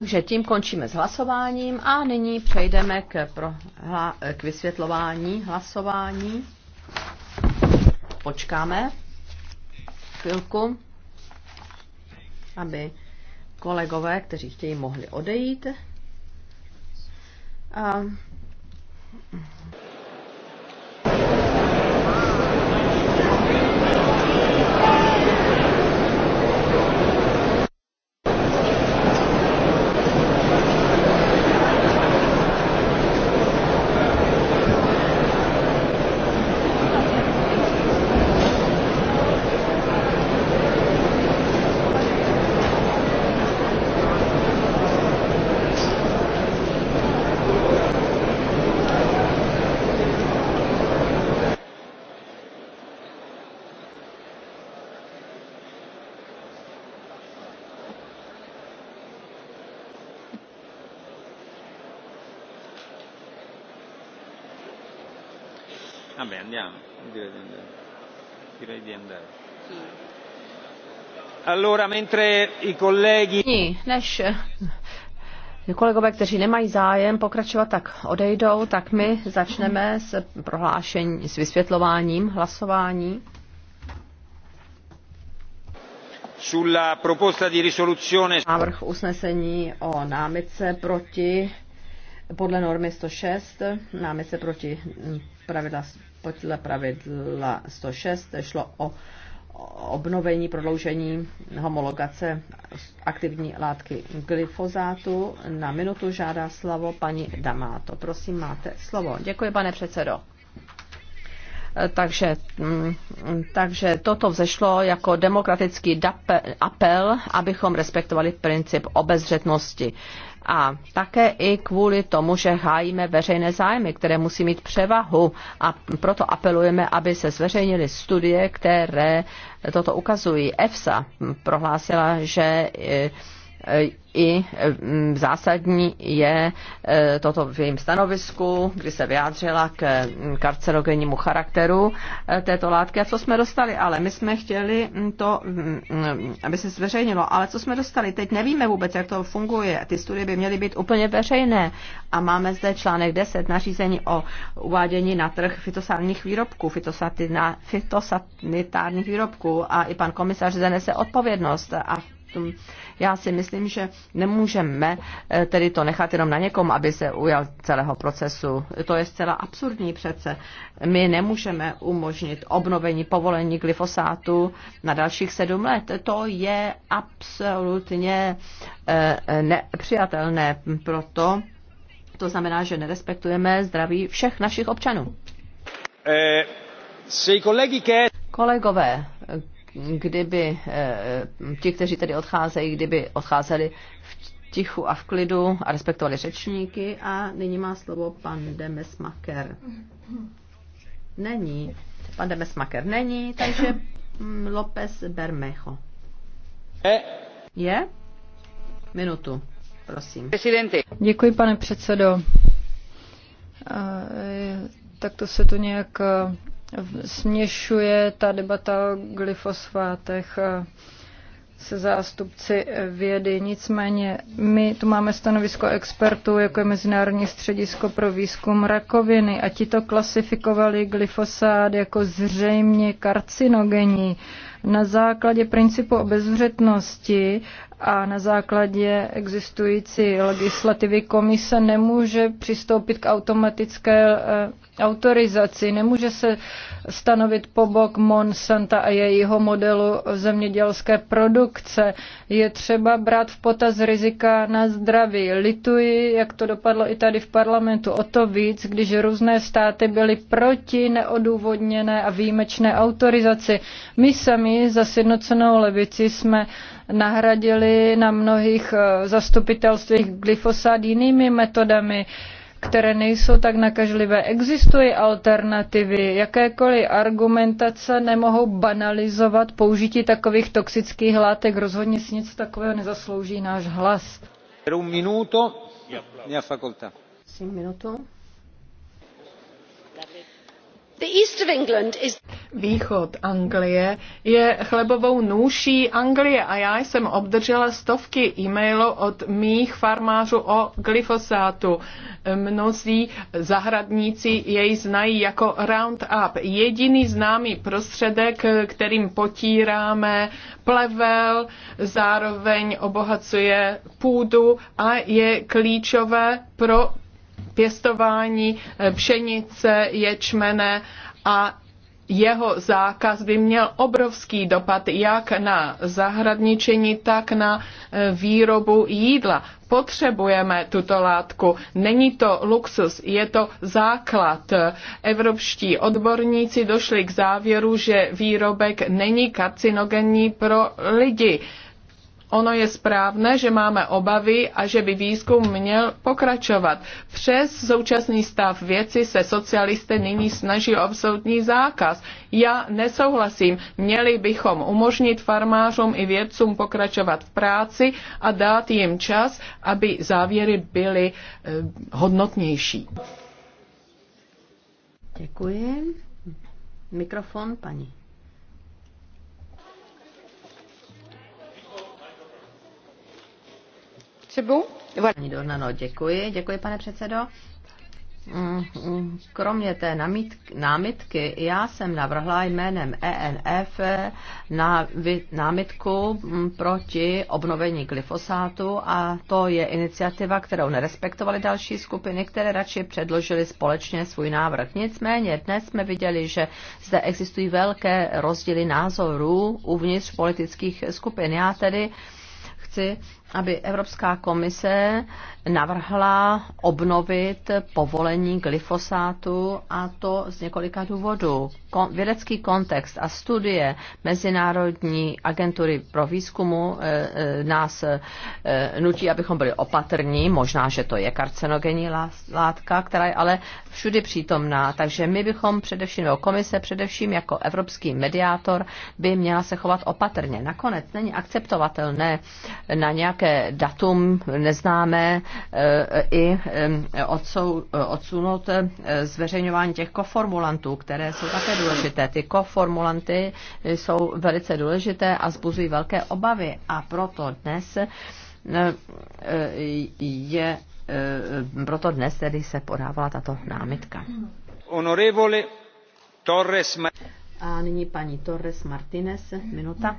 Takže tím končíme s hlasováním a nyní přejdeme k, pro, hla, k vysvětlování hlasování. Počkáme chvilku, aby kolegové, kteří chtějí, mohli odejít. A Vabbè, andiamo, direi di andare. Allora, mentre i colleghi... Než kolegové, kteří nemají zájem pokračovat, tak odejdou, tak my začneme s prohlášení, s vysvětlováním hlasování. Sulla proposta di risoluzione... Návrh usnesení o námitce proti podle normy 106, se proti pravidla, podle pravidla 106, šlo o obnovení, prodloužení homologace aktivní látky glyfozátu. Na minutu žádá slovo paní Damáto. Prosím, máte slovo. Děkuji, pane předsedo. Takže, mm, takže toto vzešlo jako demokratický apel, abychom respektovali princip obezřetnosti. A také i kvůli tomu, že hájíme veřejné zájmy, které musí mít převahu. A proto apelujeme, aby se zveřejnily studie, které toto ukazují. EFSA prohlásila, že eh, i e, zásadní je e, toto v jejím stanovisku, kdy se vyjádřila k karcerogennímu charakteru e, této látky a co jsme dostali. Ale my jsme chtěli to, aby se zveřejnilo, ale co jsme dostali, teď nevíme vůbec, jak to funguje. Ty studie by měly být úplně veřejné. A máme zde článek 10 nařízení o uvádění na trh fitosanitárních výrobků, fitosanitárních výrobků a i pan komisař zanese odpovědnost a státům. Já si myslím, že nemůžeme eh, tedy to nechat jenom na někom, aby se ujal celého procesu. To je zcela absurdní přece. My nemůžeme umožnit obnovení povolení glyfosátu na dalších sedm let. To je absolutně eh, nepřijatelné. Proto to znamená, že nerespektujeme zdraví všech našich občanů. Eh, kolegové, kdyby eh, ti, kteří tady odcházejí, kdyby odcházeli v tichu a v klidu a respektovali řečníky. A nyní má slovo pan Demesmaker. Není. Pan Demesmaker není, takže mm, López Bermejo. Eh? Je? Minutu, prosím. Děkuji, pane předsedo. Eh, tak to se tu nějak směšuje ta debata o glyfosfátech eh, se zástupci eh, vědy. Nicméně my tu máme stanovisko expertů, jako je Mezinárodní středisko pro výzkum rakoviny a ti to klasifikovali glyfosát jako zřejmě karcinogenní na základě principu obezřetnosti a na základě existující legislativy komise nemůže přistoupit k automatické eh, autorizaci, nemůže se stanovit pobok Monsanta a jejího modelu zemědělské produkce. Je třeba brát v potaz rizika na zdraví. Lituji, jak to dopadlo i tady v parlamentu, o to víc, když různé státy byly proti neodůvodněné a výjimečné autorizaci. My sami za sjednocenou levici jsme nahradili na mnohých eh, zastupitelstvích glyfosát jinými metodami které nejsou tak nakažlivé. Existují alternativy, jakékoliv argumentace nemohou banalizovat použití takových toxických látek. Rozhodně si nic takového nezaslouží náš hlas. Minuto. Minuto. Východ Anglie je chlebovou nůší Anglie a já jsem obdržela stovky e-mailů od mých farmářů o glyfosátu. Mnozí zahradníci jej znají jako Roundup. Jediný známý prostředek, kterým potíráme plevel, zároveň obohacuje půdu a je klíčové pro pěstování eh, pšenice, ječmene a jeho zákaz by měl obrovský dopad jak na zahradničení, tak na eh, výrobu jídla. Potřebujeme tuto látku. Není to luxus, je to základ. Evropští odborníci došli k závěru, že výrobek není karcinogenní pro lidi. Ono je správné, že máme obavy a že by výzkum měl pokračovat. Přes současný stav věci se socialisté nyní snaží o absolutní zákaz. Já nesouhlasím. Měli bychom umožnit farmářům i vědcům pokračovat v práci a dát jim čas, aby závěry byly eh, hodnotnější. Děkuji. Mikrofon paní Paní Dornano, děkuji. Děkuji, pane předsedo. Mm, mm, kromě té námitky, já jsem navrhla jménem ENF na námitku mm, proti obnovení glyfosátu a to je iniciativa, kterou nerespektovaly další skupiny, které radši předložily společně svůj návrh. Nicméně dnes jsme viděli, že zde existují velké rozdíly názorů uvnitř politických skupin. Já tedy chci aby Evropská komise navrhla obnovit povolení glyfosátu a to z několika důvodů. Kon- vědecký kontext a studie Mezinárodní agentury pro výzkumu e, e nás e, nutí, abychom byli opatrní. Možná, že to je karcenogenní látka, která je ale všudy přítomná. Takže my bychom především, nebo komise především jako evropský mediátor by měla se chovat opatrně. Nakonec není akceptovatelné na nějaké datum neznámé e, i e, e, odsunout zveřejňování těch koformulantů, které jsou také důležité. Ty koformulanty jsou velice důležité a zbuzují velké obavy a proto dnes je Eh, proto dnes tedy se podávala tato námitka. Honorevole Torres. A nyní paní Torres Martinez, minuta.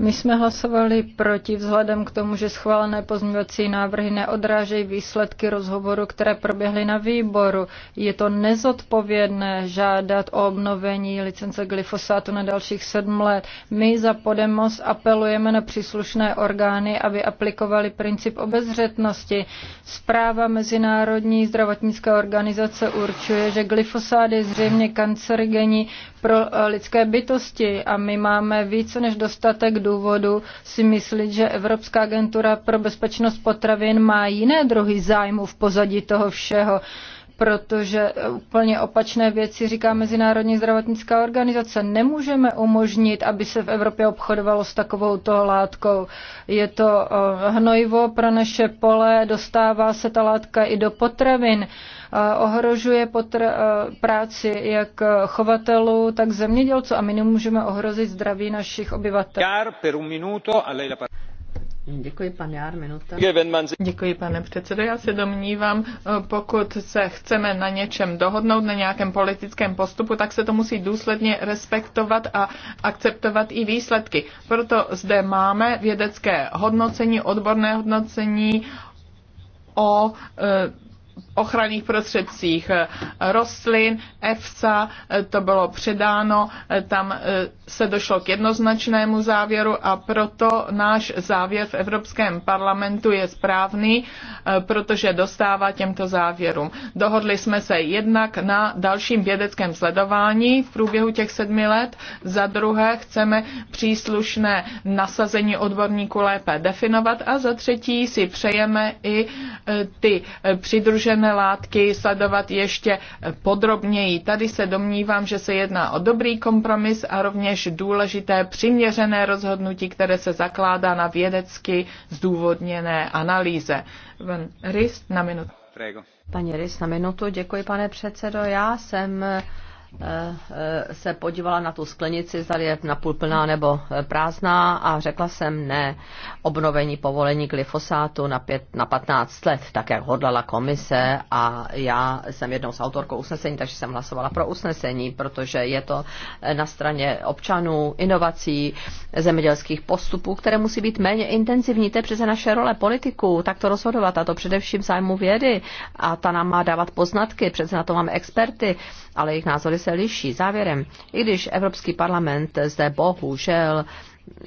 My jsme hlasovali proti vzhledem k tomu, že schválené pozměňovací návrhy neodrážejí výsledky rozhovoru, které proběhly na výboru. Je to nezodpovědné žádat o obnovení licence glyfosátu na dalších sedm let. My za Podemos apelujeme na příslušné orgány, aby aplikovali princip obezřetnosti. Zpráva Mezinárodní zdravotnické organizace určuje, že glyfosát je zřejmě kancerigení pro eh, lidské bytosti a my máme více než dostatek důvodu si myslet, že Evropská agentura pro bezpečnost potravin má jiné druhy zájmu v pozadí toho všeho protože úplně opačné věci říká Mezinárodní zdravotnická organizace. Nemůžeme umožnit, aby se v Evropě obchodovalo s takovou toho látkou. Je to eh, hnojivo pro naše pole, dostává se ta látka i do potravin, ohrožuje potr- eh, práci jak eh, chovatelů, tak zemědělců a my nemůžeme ohrozit zdraví našich obyvatel. Děkuji, pan Jár, minuta. Děkuji, pane předsedo. Já se domnívám, eh, pokud se chceme na něčem dohodnout, na nějakém politickém postupu, tak se to musí důsledně respektovat a akceptovat i výsledky. Proto zde máme vědecké hodnocení, odborné hodnocení o eh, ochranných prostředcích eh, rostlin, EFSA, eh, to bylo předáno, eh, tam se došlo k jednoznačnému závěru a proto náš závěr v Evropském parlamentu je správný, protože dostává těmto závěrům. Dohodli jsme se jednak na dalším vědeckém sledování v průběhu těch sedmi let, za druhé chceme příslušné nasazení odborníků lépe definovat a za třetí si přejeme i ty přidružené různé látky sledovat ještě podrobněji. Tady se domnívám, že se jedná o dobrý kompromis a rovněž důležité přiměřené rozhodnutí, které se zakládá na vědecky zdůvodněné analýze. Van Rist na minutu. Paní Rys, na minutu, děkuji pane předsedo. Já jsem Eh, se podívala na tu sklenici, zda je napůl plná nebo prázdná a řekla jsem ne obnovení povolení glyfosátu na, pět, na 15 let, tak jak hodlala komise a já jsem jednou s autorkou usnesení, takže jsem hlasovala pro usnesení, protože je to na straně občanů, inovací, zemědělských postupů, které musí být méně intenzivní. To je přece naše role politiků, tak to rozhodovat a to především zájmu vědy a ta nám má dávat poznatky, přece na to máme experty ale jejich názory se liší. Závěrem, i když Evropský parlament zde bohužel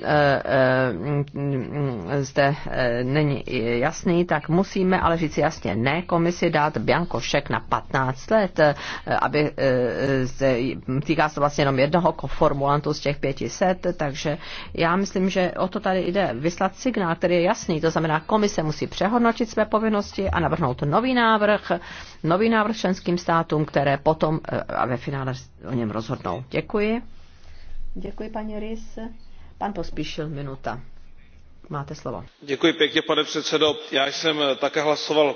Eh, eh, zde eh, není jasný, tak musíme ale říct jasně ne komisi dát bianko šek na 15 let, aby zde, týká se vlastně jenom jednoho formulantu z těch 500, takže já myslím, že o to tady jde vyslat signál, který je jasný, to znamená komise musí přehodnotit své povinnosti a navrhnout nový návrh, nový návrh členským státům, které potom a ve finále o něm rozhodnou. Děkuji. Děkuji, paní Rys. Pan Pospíšil, minuta. Máte slovo. Děkuji pěkně, pane předsedo. Já jsem také hlasoval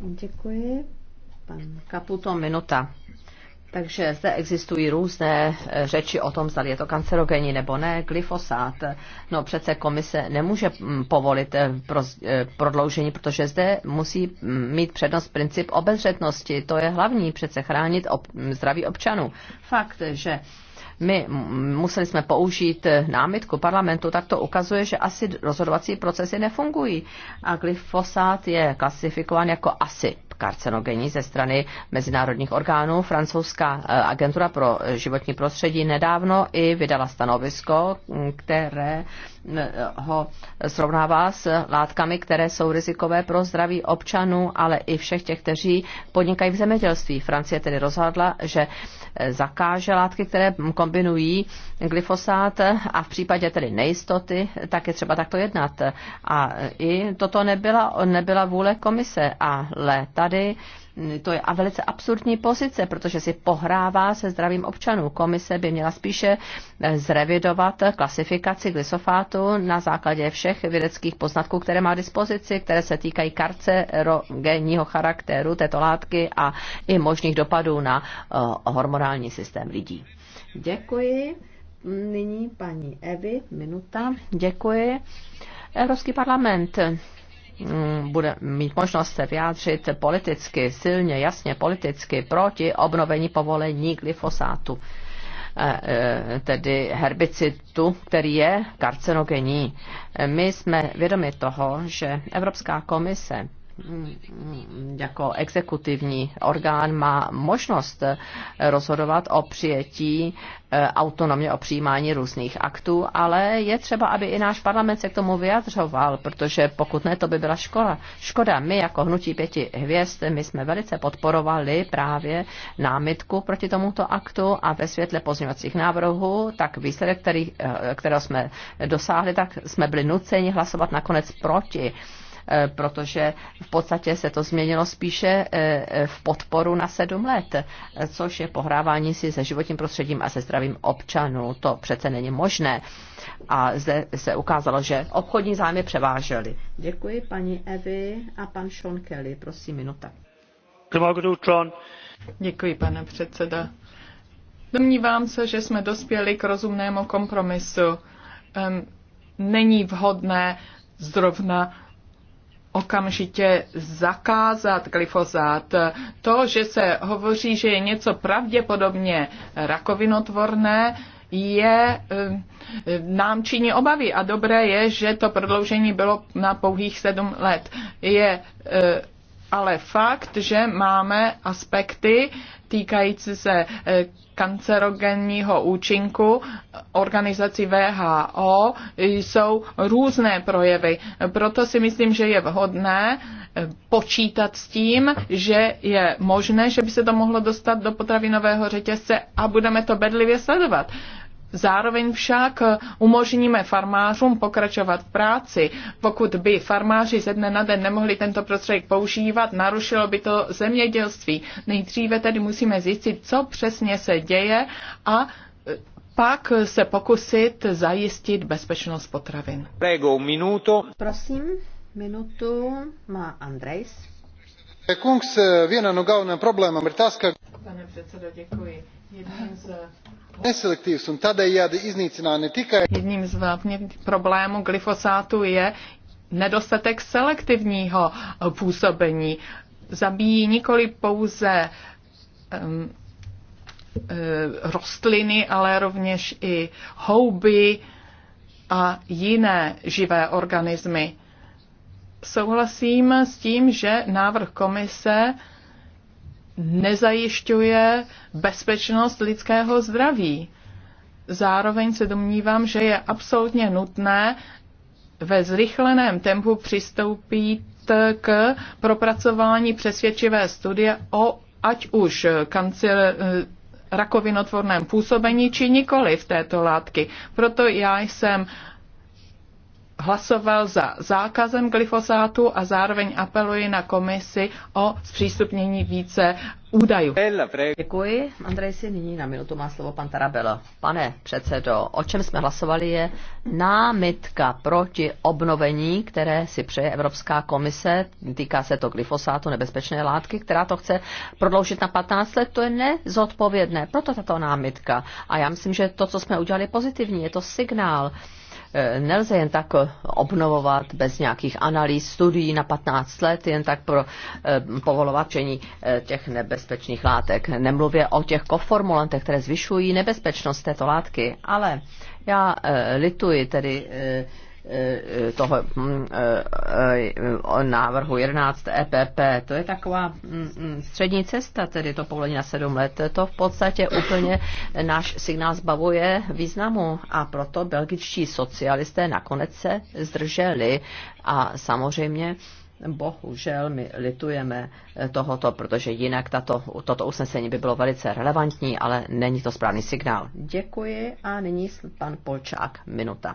Děkuji. Pan Kaputo, minuta. Takže zde existují různé eh, řeči o tom, zda je to kancerogenní nebo ne, glyfosát. No přece komise nemůže mm, povolit eh, pro, eh, prodloužení, protože zde musí mm, mít přednost princip obezřetnosti. To je hlavní, přece chránit ob, zdraví občanů. Fakt, že my museli jsme použít námitku parlamentu, tak to ukazuje, že asi rozhodovací procesy nefungují. A glyfosát je klasifikován jako asi karcinogenní ze strany mezinárodních orgánů. Francouzská eh, agentura pro životní prostředí nedávno i vydala stanovisko, které ho srovnává s látkami, které jsou rizikové pro zdraví občanů, ale i všech těch, kteří podnikají v zemědělství. Francie tedy rozhodla, že eh, zakáže látky, které kombinují glyfosát a v případě tedy nejistoty, tak je třeba takto jednat. A i toto nebyla, nebyla vůle komise, ale tady to je a velice absurdní pozice, protože si pohrává se zdravím občanů. Komise by měla spíše eh, zrevidovat klasifikaci glyfosátu na základě všech vědeckých poznatků, které má dispozici, které se týkají karcerogenního charakteru této látky a i možných dopadů na eh, hormonální systém lidí. Děkuji. Nyní paní Evi, minuta. Děkuji. Evropský parlament Mm, bude mít možnost se vyjádřit politicky, silně, jasně politicky proti obnovení povolení glyfosátu, eh, eh, tedy herbicidu, který je karcinogenní. Eh, my jsme vědomi toho, že Evropská komise Mm, jako exekutivní orgán má možnost rozhodovat o přijetí e, autonomně o přijímání různých aktů, ale je třeba, aby i náš parlament se k tomu vyjadřoval, protože pokud ne, to by byla škoda. Škoda, my jako hnutí pěti hvězd, my jsme velice podporovali právě námitku proti tomuto aktu a ve světle pozměňovacích návrhů, tak výsledek, který, e, kterého jsme dosáhli, tak jsme byli nuceni hlasovat nakonec proti Eh, protože v podstatě se to změnilo spíše eh, v podporu na sedm let, eh, což je pohrávání si se životním prostředím a se zdravím občanů. To přece není možné. A zde se ukázalo, že obchodní zájmy převážely. Děkuji paní Evi a pan Sean Kelly. Prosím, minuta. Děkuji, pane předseda. Domnívám se, že jsme dospěli k rozumnému kompromisu. Um, není vhodné zrovna okamžitě zakázat glyfozát. To, že se hovoří, že je něco pravděpodobně rakovinotvorné, je, eh, nám činí obavy a dobré je, že to prodloužení bylo na pouhých sedm let. Je eh, ale fakt, že máme aspekty týkající se eh, kancerogenního účinku organizací VHO jsou různé projevy. Proto si myslím, že je vhodné eh, počítat s tím, že je možné, že by se to mohlo dostat do potravinového řetězce a budeme to bedlivě sledovat. Zároveň však umožníme farmářům pokračovat v práci. Pokud by farmáři ze dne na den nemohli tento prostředek používat, narušilo by to zemědělství. Nejdříve tedy musíme zjistit, co přesně se děje a e, pak se pokusit zajistit bezpečnost potravin. Prego, minuto. Prosím, minutu má Andrejs. Kungs, věna nogalna probléma, mrtázka. Pane předsedo, děkuji Jedním z hlavních problémů glyfosátu je nedostatek selektivního eh, působení. Zabíjí nikoli pouze um, rostliny, ale rovněž i houby a jiné živé organismy. Souhlasím s tím, že návrh komise nezajišťuje bezpečnost lidského zdraví. Zároveň se domnívám, že je absolutně nutné ve zrychleném tempu přistoupit k propracování přesvědčivé studie o ať už kancer, eh, rakovinotvorném působení či nikoli v této látky. Proto já jsem hlasoval za zákazem glyfosátu a zároveň apeluji na komisi o zpřístupnění více údajů. Děkuji. Andrej si nyní na minutu má slovo pan Tarabel. Pane předsedo, o čem jsme hlasovali je námitka proti obnovení, které si přeje Evropská komise. Týká se to glyfosátu, nebezpečné látky, která to chce prodloužit na 15 let. To je nezodpovědné. Proto tato námitka. A já myslím, že to, co jsme udělali, je pozitivní. Je to signál nelze jen tak eh, obnovovat bez nějakých analýz, studií na 15 let, jen tak pro eh, povolovačení eh, těch nebezpečných látek. Nemluvě o těch koformulantech, které zvyšují nebezpečnost této látky, ale já lituji tedy Eh, toho mm, eh, eh, návrhu 11 EPP. To je taková mm, mm, střední cesta, tedy to povolení na 7 let. To v podstatě úplně náš signál zbavuje významu a proto belgičtí socialisté nakonec se zdrželi a samozřejmě bohužel my litujeme tohoto, protože jinak tato, toto usnesení by bylo velice relevantní, ale není to správný signál. Děkuji a nyní pan Polčák, minuta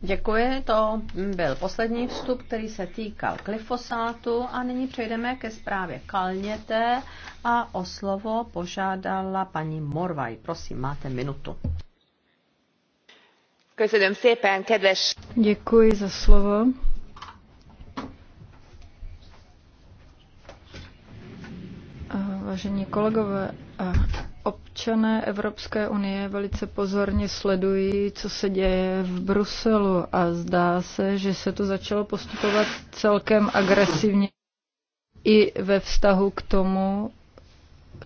Děkuji, to byl poslední vstup, který se týkal glyfosátu a nyní přejdeme ke zprávě Kalněte a o slovo požádala paní Morvaj. Prosím, máte minutu. Děkuji za slovo. Vážení kolegové Občané Evropské unie velice pozorně sledují, co se děje v Bruselu a zdá se, že se to začalo postupovat celkem agresivně i ve vztahu k tomu,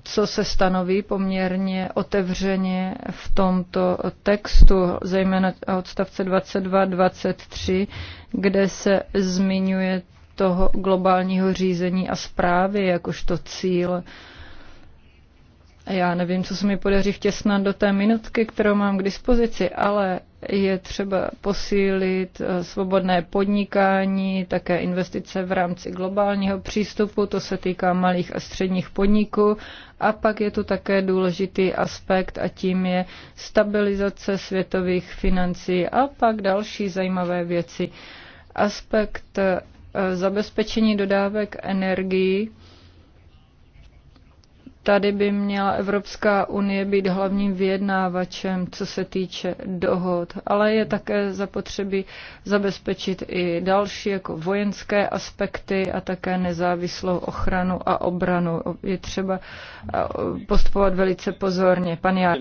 co se stanoví poměrně otevřeně v tomto textu, zejména odstavce 22-23, kde se zmiňuje toho globálního řízení a zprávy jakožto cíl uh, já nevím, co se mi podaří vtěsnat do té minutky, kterou mám k dispozici, ale je třeba posílit eh, svobodné podnikání, také investice v rámci globálního přístupu, to se týká malých a středních podniků. A pak je tu také důležitý aspekt a tím je stabilizace světových financí a pak další zajímavé věci. Aspekt eh, zabezpečení dodávek energii tady by měla Evropská unie být hlavním vyjednávačem, co se týče dohod, ale je také zapotřebí zabezpečit i další jako vojenské aspekty a také nezávislou ochranu a obranu. Je třeba eh, postupovat velice pozorně. Pan Jár.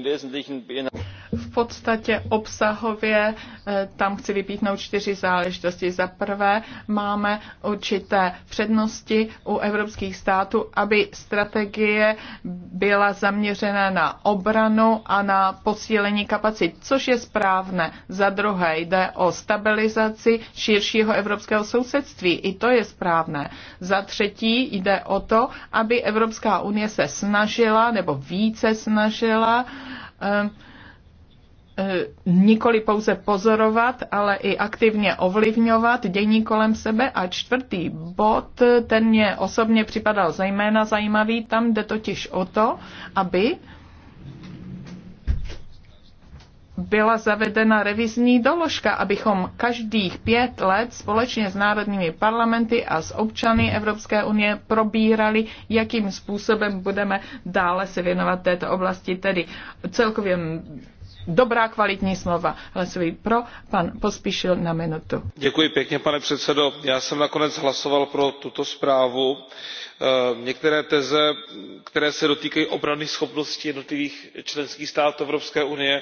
V podstatě obsahově eh, tam chci vypítnout čtyři záležitosti. Za prvé máme určité přednosti u evropských států, aby strategie byla zaměřena na obranu a na posílení kapacit, což je správné. Za druhé jde o stabilizaci širšího evropského sousedství, i to je správné. Za třetí jde o to, aby Evropská unie se snažila nebo více snažila um, Eh, nikoli pouze pozorovat, ale i aktivně ovlivňovat dění kolem sebe. A čtvrtý bod, ten mě osobně připadal zejména zajímavý, tam jde totiž o to, aby byla zavedena revizní doložka, abychom každých pět let společně s národními parlamenty a s občany Evropské unie probírali, jakým způsobem budeme dále se věnovat této oblasti, tedy celkově dobrá kvalitní smlouva. Hlasuji pro, pan Pospíšil na minutu. Děkuji pěkně, pane předsedo. Já jsem nakonec hlasoval pro tuto zprávu. Eh, některé teze, které se dotýkají obrany schopností jednotlivých členských států Evropské unie,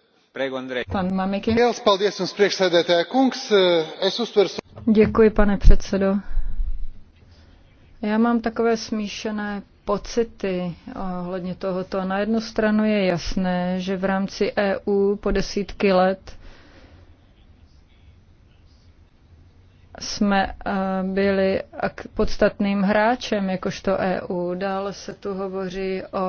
Děkuji, pane předsedající Já mám takové smíšené pocity ohledně tohoto. Na jednu stranu je jasné, že v rámci EU po desítky let jsme eh, byli podstatným hráčem, jakožto EU. Dále se tu hovoří o,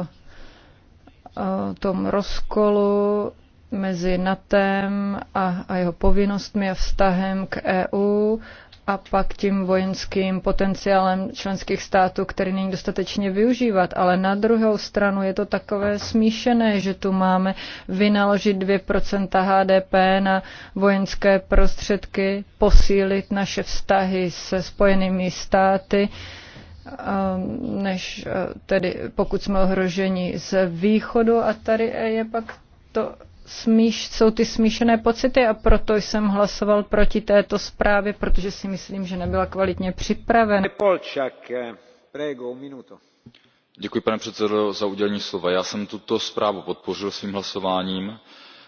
o tom rozkolu, mezi NATEM a, a jeho povinnostmi a vztahem k EU a pak tím vojenským potenciálem členských států, který není dostatečně využívat. Ale na druhou stranu je to takové smíšené, že tu máme vynaložit 2% HDP na vojenské prostředky, posílit naše vztahy se spojenými státy, ehm, než eh, tedy pokud jsme ohroženi z východu a tady je pak to smíš, jsou ty smíšené pocity a proto jsem hlasoval proti této zprávě, protože si myslím, že nebyla kvalitně připravena. Děkuji, pane předsedo, za udělení slova. Já jsem tuto zprávu podpořil svým hlasováním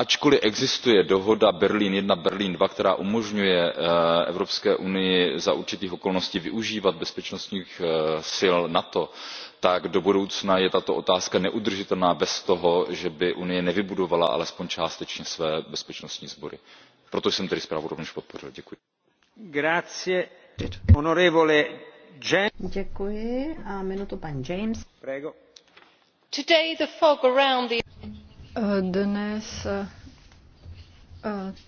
Ačkoli existuje dohoda berlín i berlín ii která umožňuje eh, evropské unii za určitých okolností využívat bezpečnostních eh, sil nato tak do budoucna je tato otázka neudržitelná bez toho že by unie nevybudovala alespoň částečně své bezpečnostní sbory. proto jsem tedy zprávu rovněž podpořil. děkuji. děkuji a pan james. Dnes eh,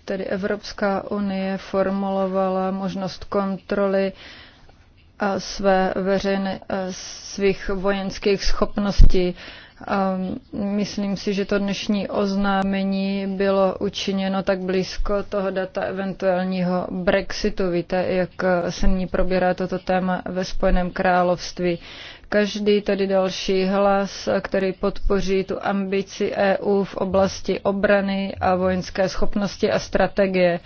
tedy Evropská unie formulovala možnost kontroly eh, své veřejné, eh, svých vojenských schopností. Myslím si, že to dnešní oznámení bylo učiněno tak blízko toho data eventuálního Brexitu. Víte, jak se mní probírá toto téma ve Spojeném království. Každý tedy další hlas, který podpoří tu ambici EU v oblasti obrany a vojenské schopnosti a strategie.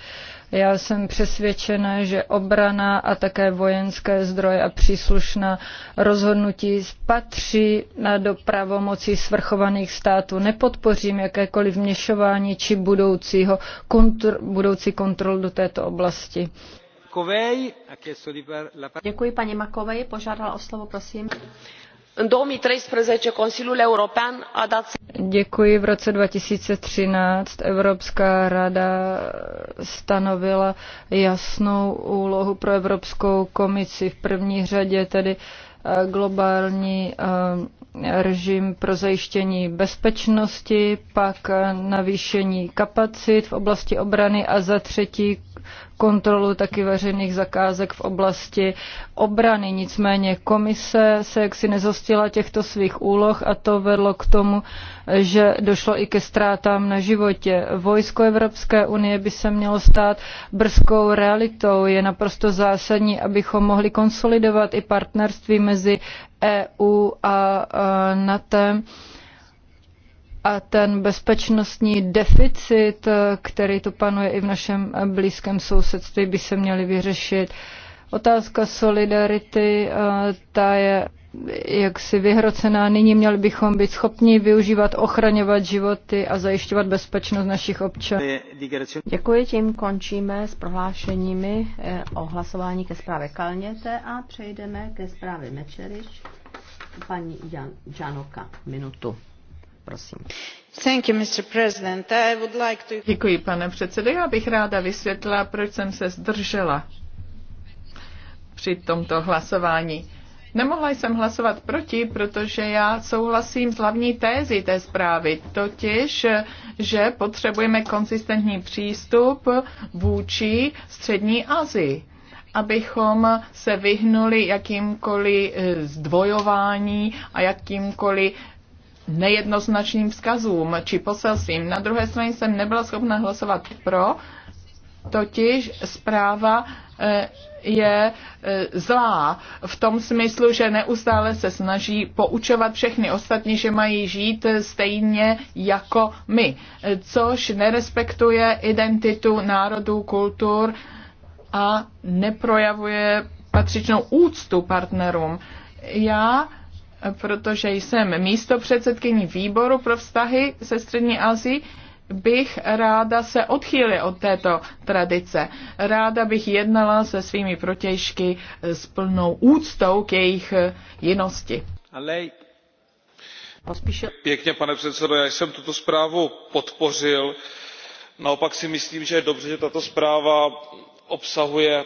Já jsem přesvědčena, že obrana a také vojenské zdroje a příslušná rozhodnutí patří do pravomocí svrchovaných států. Nepodpořím jakékoliv vměšování či budoucího kontr- budoucí kontrol do této oblasti. Děkuji paní Makovej, požádala o slovo, prosím. În 2013 Consiliul European a dat Děkuji. V roce 2013 Evropská rada stanovila jasnou úlohu pro Evropskou komisi. V první řadě tedy eh, globální eh, režim pro zajištění bezpečnosti, pak eh, navýšení kapacit v oblasti obrany a za třetí kontrolu taky veřejných zakázek v oblasti obrany. Nicméně komise se jaksi nezostila těchto svých úloh a to vedlo k tomu, že došlo i ke ztrátám na životě. Vojsko Evropské unie by se mělo stát brzkou realitou. Je naprosto zásadní, abychom mohli konsolidovat i partnerství mezi EU a NATO a ten bezpečnostní deficit, eh, který to panuje i v našem eh, blízkém sousedství, by se měly vyřešit. Otázka solidarity, eh, ta je jaksi vyhrocená. Nyní měli bychom být schopni využívat, ochraňovat životy a zajišťovat bezpečnost našich občanů. Děkuji, tím končíme s prohlášeními o hlasování ke zprávě Kalněte a přejdeme ke zprávě Mečeriš. paní Jan, Janoka, Minutu. Děkuji, pane předsedo. Já bych ráda vysvětlila, proč jsem se zdržela při tomto hlasování. Nemohla jsem hlasovat proti, protože já souhlasím s hlavní tézí té zprávy, totiž, že potřebujeme konsistentní přístup vůči střední Asii abychom se vyhnuli jakýmkoliv eh, zdvojování a jakýmkoliv nejednoznačným vzkazům či poselstvím. Na druhé straně jsem nebyla schopna hlasovat pro, totiž zpráva eh, je eh, zlá v tom smyslu, že neustále se snaží poučovat všechny ostatní, že mají žít stejně jako my, což nerespektuje identitu národů, kultur a neprojavuje patřičnou úctu partnerům. Já protože jsem místo předsedkyní výboru pro vztahy se Střední Asií, bych ráda se odchýlila od této tradice. Ráda bych jednala se svými protěžky s plnou úctou k jejich eh, jinosti. Pěkně, pane předsedo, já jsem tuto zprávu podpořil. Naopak si myslím, že je dobře, že tato zpráva obsahuje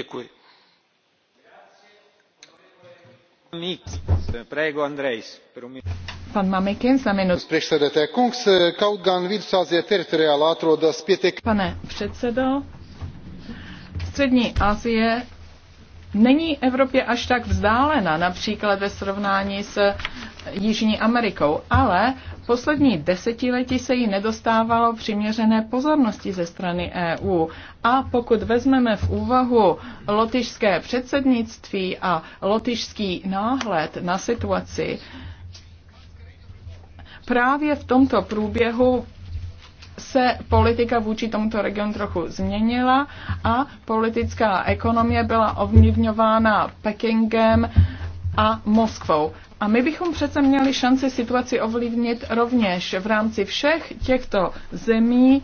děkuji. Pan Mamikins na minutu. E Pane předsedo, střední Asie není Evropě až tak vzdálená, například ve srovnání s Jižní Amerikou, ale poslední desetiletí se jí nedostávalo přiměřené pozornosti ze strany EU. A pokud vezmeme v úvahu lotyšské předsednictví a lotyšský náhled na situaci, právě v tomto průběhu se politika vůči tomuto regionu trochu změnila a politická ekonomie byla ovlivňována Pekingem, a Moskvou. A my bychom přece měli šanci situaci ovlivnit rovněž v rámci všech těchto zemí,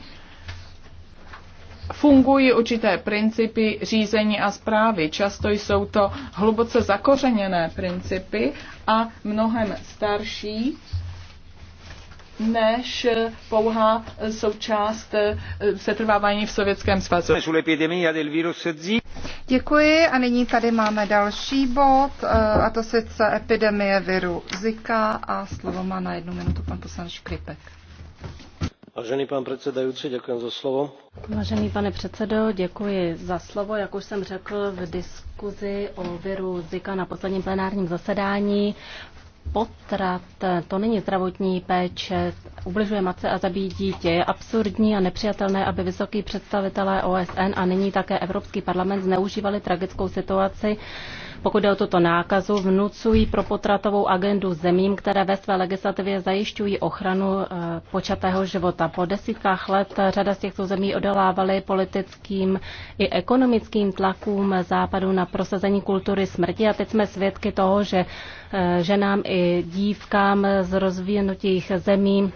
fungují určité principy řízení a zprávy. Často jsou to hluboce zakořeněné principy a mnohem starší než pouhá součást eh, setrvávání v Sovětském svazu. Děkuji a nyní tady máme další bod, eh, a to sice epidemie viru Zika a slovo má na jednu minutu pan poslanec Škripek. Vážený pan předsedající, děkuji za slovo. Vážený pane předsedo, děkuji za slovo. Jak už jsem řekl v diskuzi o viru Zika na posledním plenárním zasedání, potrat, to není zdravotní péče, ubližuje matce a zabíjí dítě. Je absurdní a nepřijatelné, aby vysoký představitelé OSN a nyní také Evropský parlament zneužívali tragickou situaci pokud jde o tuto nákazu, vnucují pro potratovou agendu zemím, které ve své legislativě zajišťují ochranu eh, počatého života. Po desítkách let řada z těchto zemí odolávaly politickým i ekonomickým tlakům západu na prosazení kultury smrti a teď jsme svědky toho, že eh, ženám i dívkám z rozvinutých zemí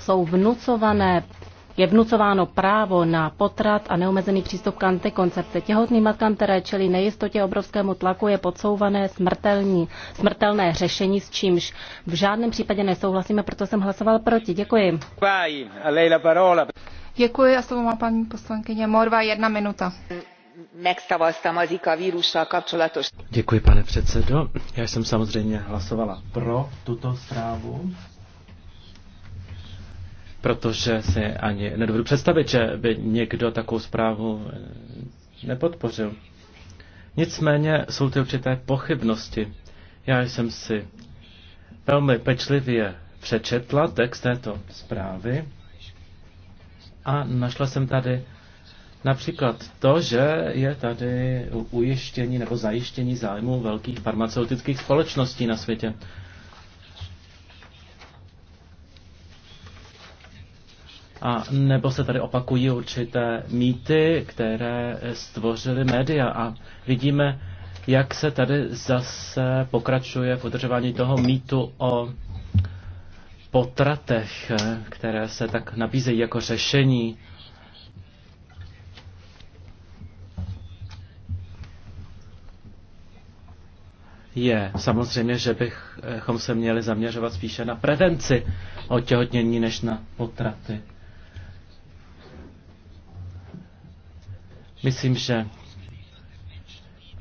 jsou vnucované je vnucováno právo na potrat a neomezený přístup k antikoncepci. Těhotným matkám, které čelí nejistotě obrovskému tlaku, je podsouvané smrtelní, smrtelné řešení, s čímž v žádném případě nesouhlasíme, proto jsem hlasoval proti. Děkuji. Děkuji a slovo má paní poslankyně Morva, jedna minuta. Děkuji, pane předsedo. Já jsem samozřejmě hlasovala pro tuto zprávu protože si ani nedovedu představit, že by někdo takovou zprávu eh, nepodpořil. Nicméně jsou ty určité pochybnosti. Já jsem si velmi pečlivě přečetla text této zprávy a našla jsem tady například to, že je tady ujištění nebo zajištění zájmu velkých farmaceutických společností na světě. A nebo se tady opakují určité mýty, které stvořily média a vidíme, jak se tady zase pokračuje v udržování toho mýtu o potratech, které se tak nabízejí jako řešení. Je samozřejmě, že bychom se měli zaměřovat spíše na prevenci otěhotnění než na potraty. Myslím, že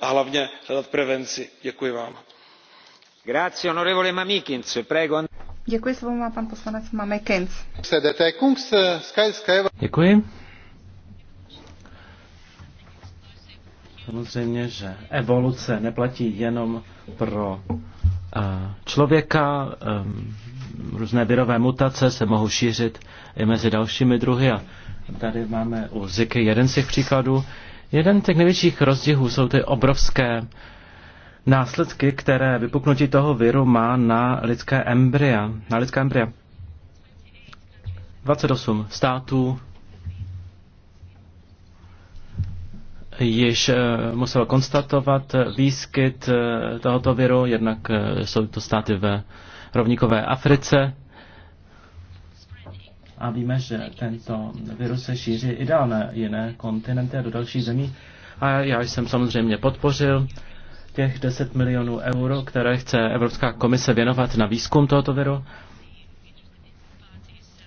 a hlavně hledat prevenci. děkuji vám. Děkuji, Děkuji. Samozřejmě, že evoluce neplatí jenom pro eh, člověka. Eh, různé virové mutace se mohou šířit i mezi dalšími druhy. A tady máme u Ziky jeden z těch příkladů. Jeden z těch největších rozdílů jsou ty obrovské následky, které vypuknutí toho viru má na lidské embrya. Na lidské embrya. 28 států již eh, muselo konstatovat výskyt eh, tohoto viru, jednak eh, jsou to státy ve rovníkové Africe, a víme, že tento virus se šíří i dál na jiné kontinenty a do dalších zemí. A já jsem samozřejmě podpořil těch 10 milionů euro, které chce Evropská komise věnovat na výzkum tohoto viru.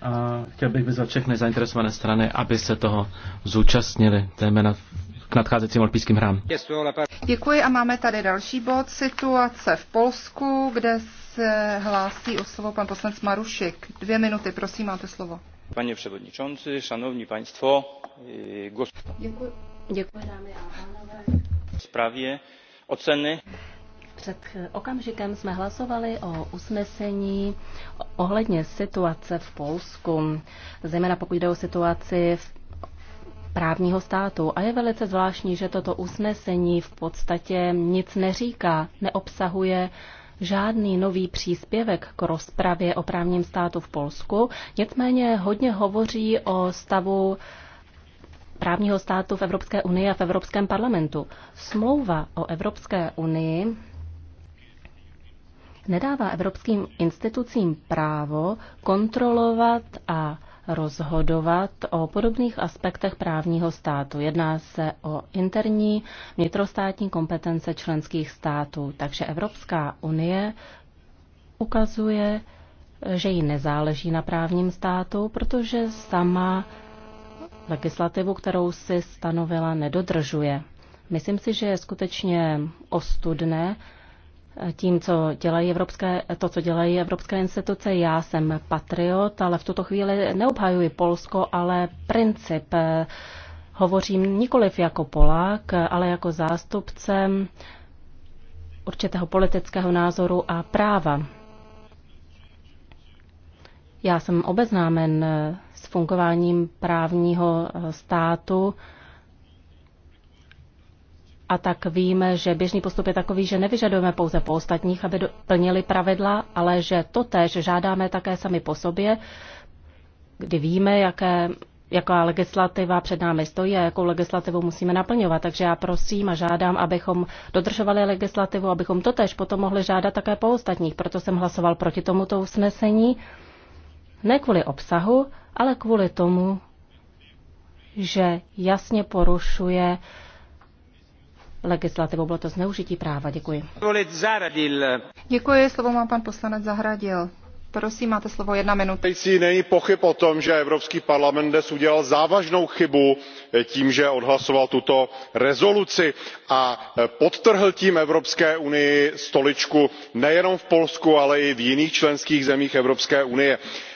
A chtěl bych vyzvat všechny zainteresované strany, aby se toho zúčastnili, zejména k nadcházejícím olympijským hrám. Děkuji a máme tady další bod, situace v Polsku, kde se hlásí o slovo pan poslanec Marušik. Dvě minuty, prosím, máte slovo. Pane předsedající, šanovní paňstvo, eh, gos... Děkuji. Děkuji, dámy a pánové. Zprávě oceny. Před okamžikem jsme hlasovali o usnesení ohledně situace v Polsku, zejména pokud jde o situaci v právního státu. A je velice zvláštní, že toto usnesení v podstatě nic neříká, neobsahuje žádný nový příspěvek k rozpravě o právním státu v Polsku, nicméně hodně hovoří o stavu právního státu v Evropské unii a v Evropském parlamentu. Smlouva o Evropské unii nedává evropským institucím právo kontrolovat a rozhodovat o podobných aspektech právního státu. Jedná se o interní vnitrostátní kompetence členských států, takže Evropská unie ukazuje, že jí nezáleží na právním státu, protože sama legislativu, kterou si stanovila, nedodržuje. Myslím si, že je skutečně ostudné, tím, co dělají evropské, to, co dělají evropské instituce. Já jsem patriot, ale v tuto chvíli neobhajuji Polsko, ale princip. Hovořím nikoliv jako Polák, ale jako zástupcem určitého politického názoru a práva. Já jsem obeznámen s fungováním právního státu a tak víme, že běžný postup je takový, že nevyžadujeme pouze po ostatních, aby plnili pravidla, ale že to tež žádáme také sami po sobě, kdy víme, jaké, jaká legislativa před námi stojí a jakou legislativu musíme naplňovat. Takže já prosím a žádám, abychom dodržovali legislativu, abychom to tež potom mohli žádat také po ostatních. Proto jsem hlasoval proti tomuto usnesení, ne kvůli obsahu, ale kvůli tomu, že jasně porušuje legislativou. Bylo to zneužití práva. Děkuji. Děkuji, slovo má pan poslanec Zahradil. Prosím, máte slovo jedna minuta. Není pochyb o tom, že Evropský parlament dnes udělal závažnou chybu tím, že odhlasoval tuto rezoluci a podtrhl tím Evropské unii stoličku nejenom v Polsku, ale i v jiných členských zemích Evropské unie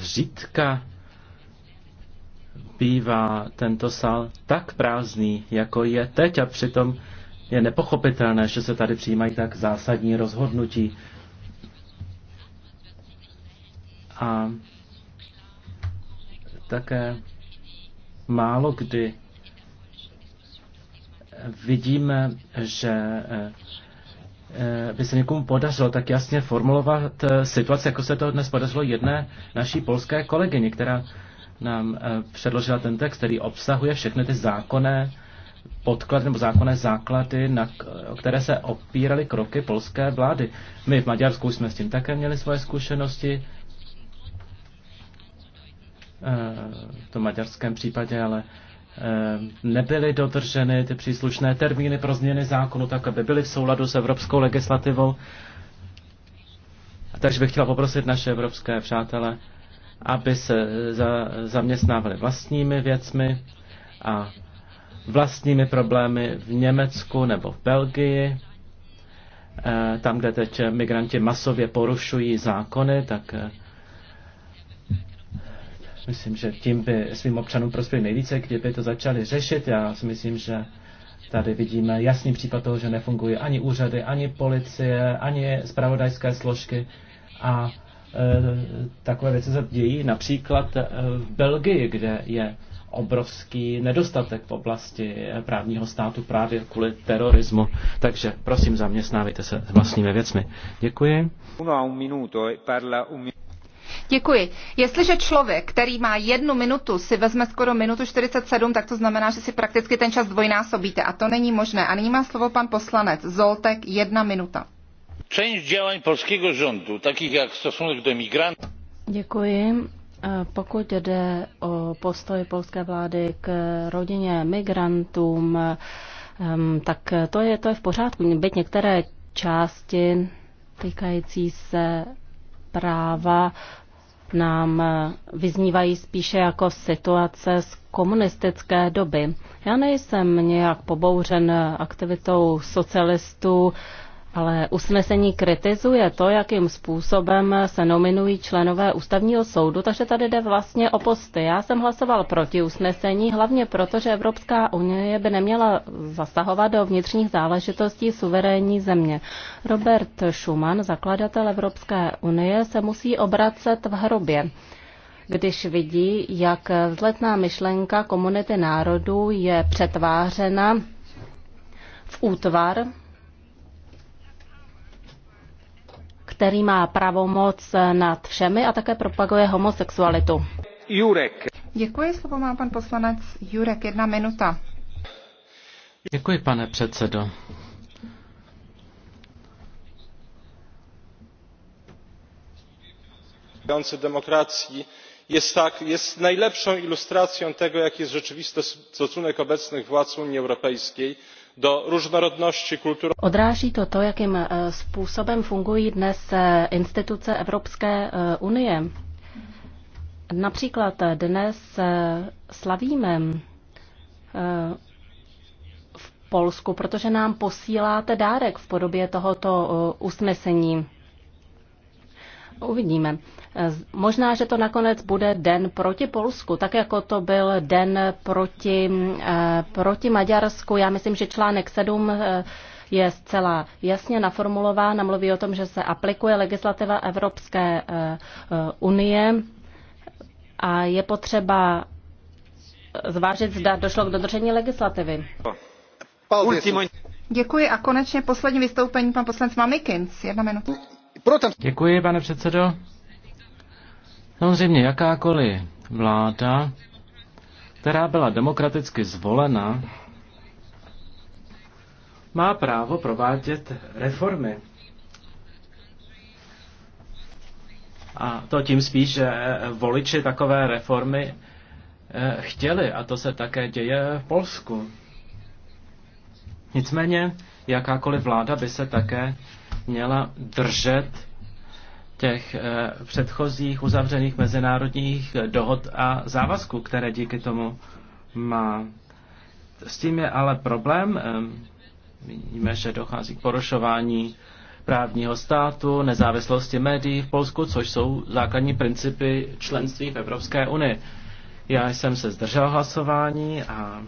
Řídka bývá tento sál tak prázdný, jako je teď a přitom je nepochopitelné, že se tady přijímají tak zásadní rozhodnutí. A také málo kdy vidíme, že Eh, by se někomu podařilo tak jasně formulovat eh, situaci, jako se to dnes podařilo jedné naší polské kolegyni, která nám eh, předložila ten text, který obsahuje všechny ty zákonné podklady nebo zákonné základy, na které se opíraly kroky polské vlády. My v Maďarsku jsme s tím také měli svoje zkušenosti, v tom maďarském případě, ale Eh, nebyly dodrženy ty příslušné termíny pro změny zákonu, tak aby byly v souladu s evropskou legislativou. Takže bych chtěla poprosit naše evropské přátele, aby se eh, za, zaměstnávali vlastními věcmi a vlastními problémy v Německu nebo v Belgii. Eh, tam, kde teď migranti masově porušují zákony, tak Myslím, že tím by svým občanům prospěli nejvíce, kdyby to začali řešit. Já si myslím, že tady vidíme jasný případ toho, že nefungují ani úřady, ani policie, ani spravodajské složky a e, takové věci se dějí například e, v Belgii, kde je obrovský nedostatek v oblasti právního státu právě kvůli terorismu. Takže prosím, zaměstnávejte se s vlastními věcmi. Děkuji. Eh, Děkuji. Jestliže člověk, který má jednu minutu, si vezme skoro minutu 47, tak to znamená, že si prakticky ten čas dvojnásobíte a to není možné. A nyní má slovo pan poslanec Zoltek, jedna minuta. Część działań polskiego rządu, takich jak stosunek do imigrantů. Děkuji. E, pokud jde o postoj polské vlády k rodině migrantům, e, tak to je, to je v pořádku. Byť některé části týkající se práva nám eh, vyznívají spíše jako situace z komunistické doby. Já nejsem nějak pobouřen aktivitou socialistů ale usnesení kritizuje to, jakým způsobem se nominují členové ústavního soudu, takže tady jde vlastně o posty. Já jsem hlasoval proti usnesení, hlavně proto, že Evropská unie by neměla zasahovat do vnitřních záležitostí suverénní země. Robert Schuman, zakladatel Evropské unie, se musí obracet v hrobě když vidí, jak vzletná myšlenka komunity národů je přetvářena v útvar, který má pravomoc nad všemi a také propaguje homosexualitu. Jurek. Děkuji, slovo má pan poslanec Jurek, jedna minuta. Děkuji, pane předsedo. demokracji jest, tak, jest najlepszą ilustracją tego jaki jest rzeczywisty stosunek obecnych władz unii europejskiej do różnorodności kulturowej. Odráží to to, jakým eh, způsobem fungují dnes eh, instituce Evropské eh, unie. Například dnes slavíme v Polsku, protože nám posíláte dárek v podobě tohoto usnesení. Uvidíme. Možná, že to nakonec bude den proti Polsku, tak jako to byl den proti, eh, proti Maďarsku. Já myslím, že článek 7 eh, je zcela jasně naformulován a mluví o tom, že se aplikuje legislativa Evropské eh, unie a je potřeba zvážit, zda došlo k dodržení legislativy. Děkuji a konečně poslední vystoupení pan poslanec Mamikins. Jedna minuta. Děkuji, pane předsedo. Samozřejmě jakákoliv vláda, která byla demokraticky zvolena, má právo provádět reformy. A to tím spíš, že voliči takové reformy eh, chtěli a to se také děje v Polsku. Nicméně jakákoliv vláda by se také měla držet těch eh, předchozích uzavřených mezinárodních dohod a závazků, které díky tomu má. S tím je ale problém. Ehm, Víme, že dochází k porušování právního státu, nezávislosti médií v Polsku, což jsou základní principy členství v Evropské unii. Já jsem se zdržel hlasování a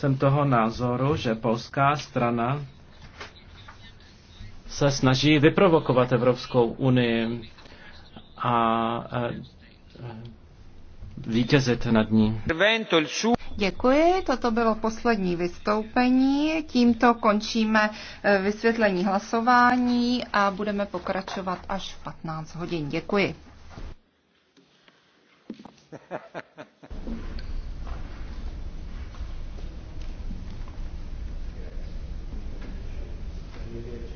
jsem toho názoru, že polská strana se snaží vyprovokovat Evropskou unii a eh, vítězit nad ní. Děkuji, toto bylo poslední vystoupení. Tímto končíme eh, vysvětlení hlasování a budeme pokračovat až v 15 hodin. Děkuji. Thank you.